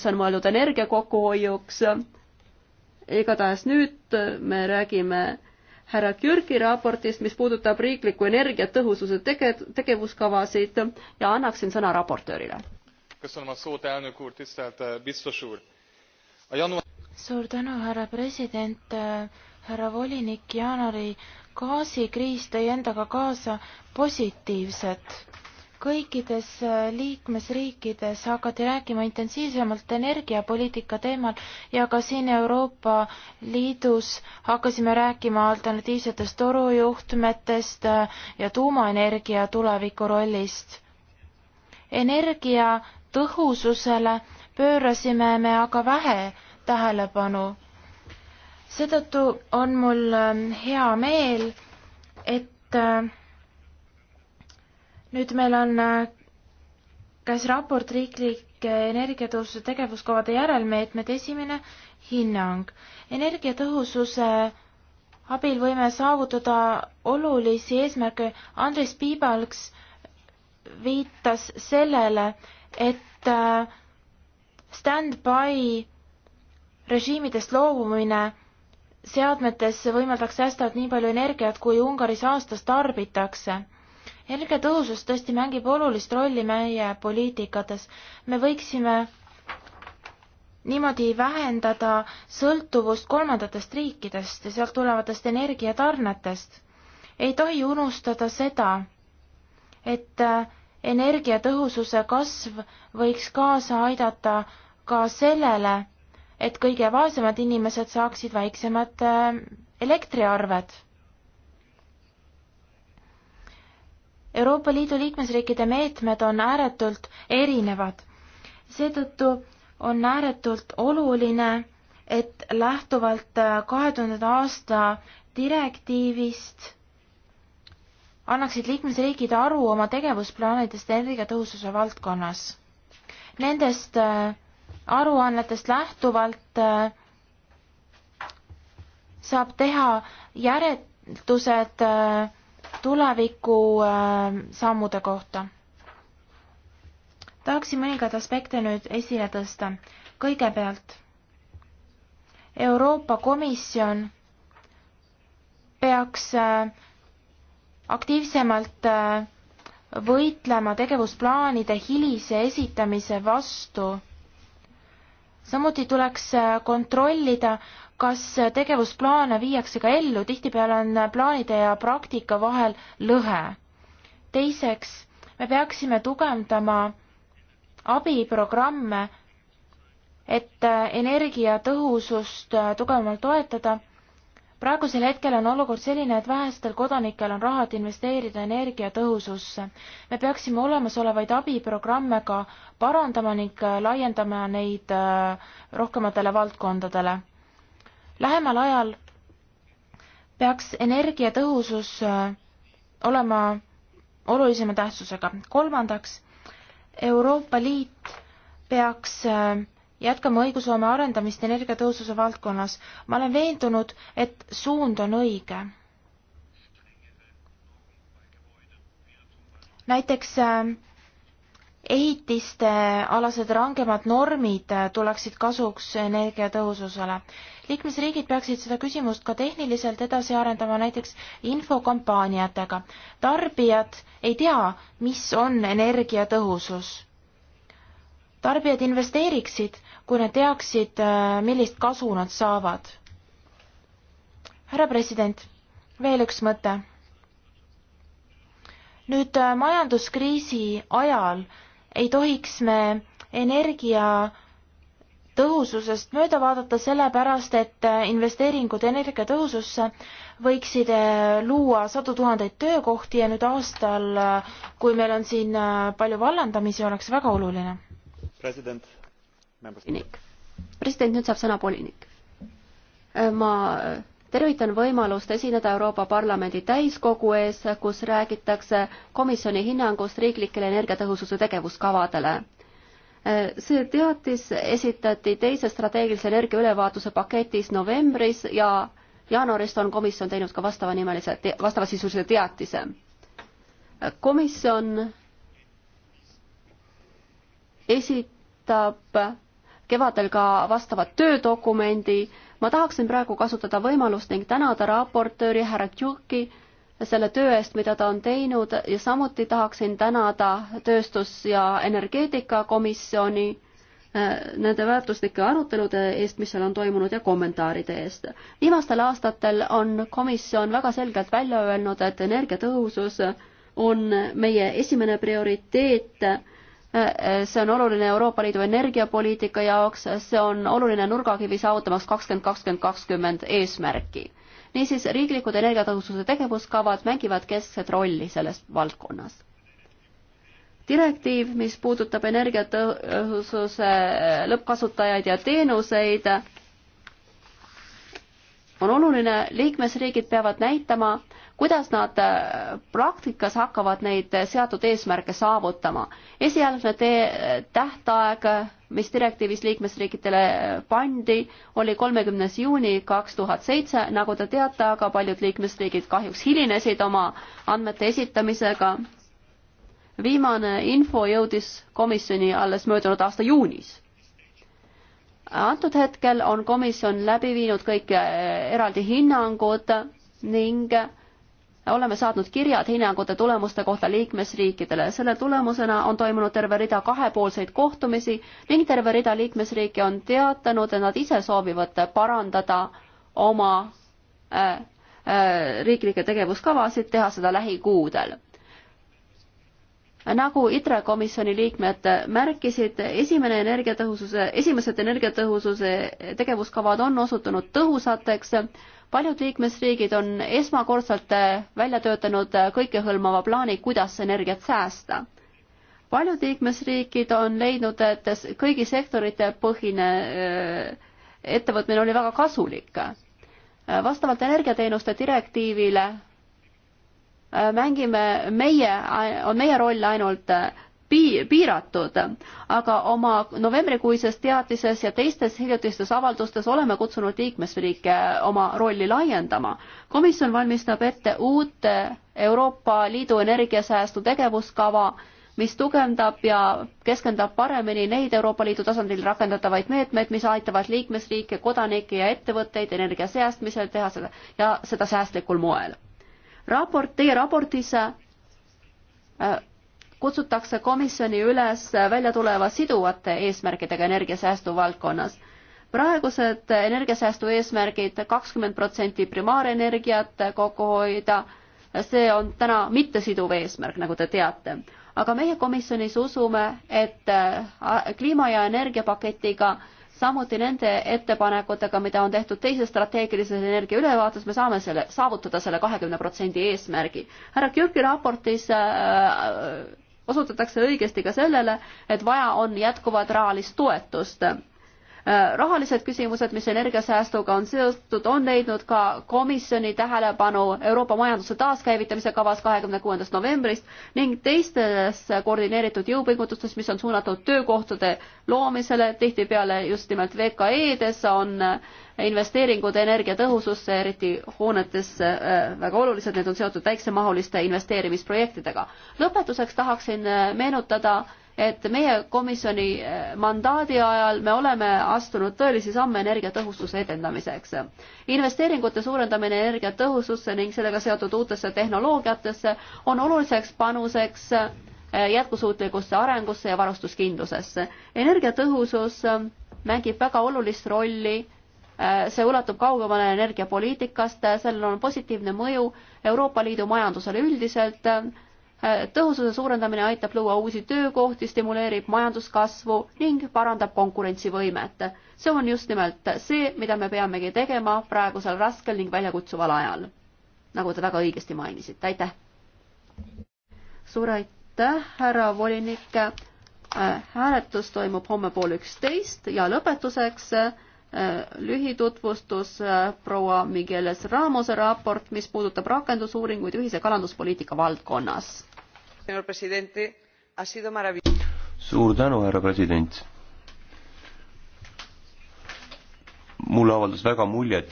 see on mõeldud energia kokkuhoiuks. igatahes nüüd me räägime härra Kürgi raportist, mis puudutab riikliku energiatõhususe tege-, tegevuskavasid ja annaksin sõna raportöörile. Eh, suur tänu, härra president, härra volinik, jaanuari gaasikriis tõi endaga kaasa positiivset kõikides äh, liikmesriikides hakati rääkima intensiivsemalt energiapoliitika teemal ja ka siin Euroopa Liidus hakkasime rääkima alternatiivsetest torujuhtmetest äh, ja tuumaenergia tuleviku rollist. energiatõhususele pöörasime me aga vähe tähelepanu. seetõttu on mul äh, hea meel, et nüüd meil on äh, käes raport riiklike energiatõhususe tegevuskavade järelmeetmed, esimene hinnang. energiatõhususe abil võime saavutada olulisi eesmärke. Andres Piibalks viitas sellele, et äh, stand-by režiimidest loobumine seadmetes võimaldaks säästa nii palju energiat, kui Ungaris aastas tarbitakse energiatõhusus tõesti mängib olulist rolli meie poliitikates. me võiksime niimoodi vähendada sõltuvust kolmandatest riikidest ja sealt tulevatest energiatarnetest. ei tohi unustada seda, et äh, energiatõhususe kasv võiks kaasa aidata ka sellele, et kõige vaesemad inimesed saaksid väiksemad äh, elektriarved Euroopa Liidu liikmesriikide meetmed on ääretult erinevad. seetõttu on ääretult oluline, et lähtuvalt kahe tuhande aasta direktiivist annaksid liikmesriigid aru oma tegevusplaanidest energiatõhususe valdkonnas. Nendest äh, aruannetest lähtuvalt äh, saab teha järeldused äh, tuleviku äh, sammude kohta. tahaksin mõningaid aspekte nüüd esile tõsta. kõigepealt, Euroopa Komisjon peaks äh, aktiivsemalt äh, võitlema tegevusplaanide hilise esitamise vastu samuti tuleks äh, kontrollida, kas tegevusplaane viiakse ka ellu, tihtipeale on plaanide ja praktika vahel lõhe. teiseks, me peaksime tugevdama abiprogramme, et äh, energiatõhusust äh, tugevamalt toetada praegusel hetkel on olukord selline, et vähestel kodanikel on raha, et investeerida energiatõhususse. me peaksime olemasolevaid abiprogramme ka parandama ning äh, laiendama neid äh, rohkematele valdkondadele. lähemal ajal peaks energiatõhusus äh, olema olulisema tähtsusega. kolmandaks, Euroopa Liit peaks äh, jätkame õigusloome arendamist energiatõhususe valdkonnas. ma olen veendunud, et suund on õige. näiteks äh, ehitiste alased rangemad normid äh, tuleksid kasuks energiatõhususele. liikmesriigid peaksid seda küsimust ka tehniliselt edasi arendama näiteks infokampaaniatega. tarbijad ei tea, mis on energiatõhusus tarbijad investeeriksid, kui nad teaksid, äh, millist kasu nad saavad. härra president, veel üks mõte. nüüd äh, majanduskriisi ajal ei tohiks me energia tõhususest mööda vaadata sellepärast, et äh, investeeringud energiatõhususse võiksid luua sadu tuhandeid töökohti ja nüüd aastal, kui meil on siin palju vallandamisi, oleks väga oluline president, president, nüüd saab sõna volinik. Äh, ma äh, tervitan võimalust esineda Euroopa Parlamendi täiskogu ees, kus räägitakse komisjoni hinnangust riiklikele energiatõhususe tegevuskavadele. Äh, see teatis esitati teise strateegilise energiaülevaatuse paketis novembris ja jaanuarist on komisjon teinud ka vastavanimelise, vastavasisulise teatise. komisjon esitab kevadel ka vastava töödokumendi. ma tahaksin praegu kasutada võimalust ning tänada raportööri härra Tšuki selle töö eest, mida ta on teinud ja samuti tahaksin tänada Tööstus- ja Energeetikakomisjoni äh, nende väärtuslike arutelude eest, mis seal on toimunud ja kommentaaride eest. viimastel aastatel on komisjon väga selgelt välja öelnud, et energiatõhusus on meie esimene prioriteet see on oluline Euroopa Liidu energiapoliitika jaoks, see on oluline nurgakivi saavutamaks kakskümmend kakskümmend kakskümmend eesmärki. niisiis, riiklikud energiatõhususe tegevuskavad mängivad keskset rolli selles valdkonnas. direktiiv, mis puudutab energiatõhususe lõppkasutajaid ja teenuseid, on oluline, liikmesriigid peavad näitama, kuidas nad äh, praktikas hakkavad neid äh, seatud eesmärke saavutama. esialgne äh, tähtaeg, mis direktiivis liikmesriikidele pandi, oli kolmekümnes juuni kaks tuhat seitse, nagu te teate, aga paljud liikmesriigid kahjuks hilinesid oma andmete esitamisega. viimane info jõudis komisjoni alles möödunud aasta juunis antud hetkel on komisjon läbi viinud kõik eraldi hinnangud ning oleme saatnud kirjad hinnangute tulemuste kohta liikmesriikidele. selle tulemusena on toimunud terve rida kahepoolseid kohtumisi ning terve rida liikmesriike on teatanud, et nad ise soovivad parandada oma äh, äh, riiklikke tegevuskavasid, teha seda lähikuudel nagu ITRE komisjoni liikmed märkisid, esimene energiatõhususe, esimesed energiatõhususe tegevuskavad on osutunud tõhusateks. paljud liikmesriigid on esmakordselt välja töötanud kõikehõlmava plaani, kuidas energiat säästa. paljud liikmesriigid on leidnud, et kõigi sektorite põhine äh, ettevõtmine oli väga kasulik. vastavalt energiateenuste direktiivile Äh, mängime meie, on meie roll ainult äh, pii-, piiratud, aga oma novembrikuises teatises ja teistes hiljutistes avaldustes oleme kutsunud liikmesriike äh, oma rolli laiendama. komisjon valmistab ette uut Euroopa Liidu energiasäästu tegevuskava, mis tugevdab ja keskendab paremini neid Euroopa Liidu tasandil rakendatavaid meetmeid, mis aitavad liikmesriike, kodanikke ja ettevõtteid energia säästmisel teha seda ja seda säästlikul moel raport, teie raportis äh, kutsutakse komisjoni üles välja tuleva siduvate eesmärkidega energiasäästu valdkonnas. praegused energiasäästu eesmärgid, kakskümmend protsenti primaarenergiat kokku hoida, see on täna mittesiduv eesmärk, nagu te teate. aga meie komisjonis usume, et äh, kliima- ja energiapaketiga äh, samuti nende ettepanekutega, mida on tehtud teises strateegilises energia ülevaates, me saame selle, saavutada selle kahekümne protsendi eesmärgi. härra Kürki raportis äh, osutatakse õigesti ka sellele, et vaja on jätkuvat rahalist toetust Äh, rahalised küsimused, mis energiasäästuga on seotud, on leidnud ka komisjoni tähelepanu Euroopa majanduse taaskäivitamise kavas kahekümne kuuendast novembrist ning teistes koordineeritud jõupingutustes, mis on suunatud töökohtade loomisele, tihtipeale just nimelt VKE-des on investeeringud energiatõhususse, eriti hoonetesse äh, väga olulised, need on seotud väiksemahuliste investeerimisprojektidega. lõpetuseks tahaksin äh, meenutada, et meie komisjoni eh, mandaadi ajal me oleme astunud tõelisi samme energiatõhususe edendamiseks. investeeringute suurendamine energiatõhususse ning sellega seotud uutesse tehnoloogiatesse on oluliseks panuseks eh, jätkusuutlikusse arengusse ja varustuskindlusesse. energiatõhusus eh, mängib väga olulist rolli see ulatub kaugemale energiapoliitikast, sellel on positiivne mõju Euroopa Liidu majandusele üldiselt, Äh, tõhususe suurendamine aitab luua uusi töökohti, stimuleerib majanduskasvu ning parandab konkurentsivõimet. see on just nimelt see, mida me peamegi tegema praegusel raskel ning väljakutsuval ajal. nagu te väga õigesti mainisite, aitäh! suur aitäh, härra volinik! Äh, hääletus toimub homme pool üksteist ja lõpetuseks äh, lühitutvustus proua Migueles Ramose raport, mis puudutab rakendusuuringuid ühise kalanduspoliitika valdkonnas suur tänu, härra president. mulle avaldas väga muljet